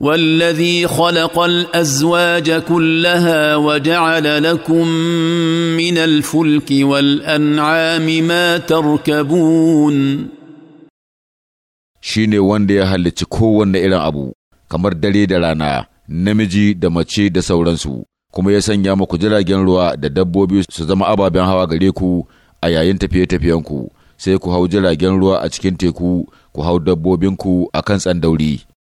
والذي خلق الازواج كلها وجعل لكم من الفلك والانعام ما تركبون shine wanda ya halicci kowanne irin abu kamar dare da rana namiji da mace da sauransu kuma ya sanya muku jiragen ruwa da dabbobi su zama ababen hawa gare ku a yayin tafiye-tafiyenku sai ku hau jiragen ruwa a cikin teku ku hau dabbobinku a kan tsandauri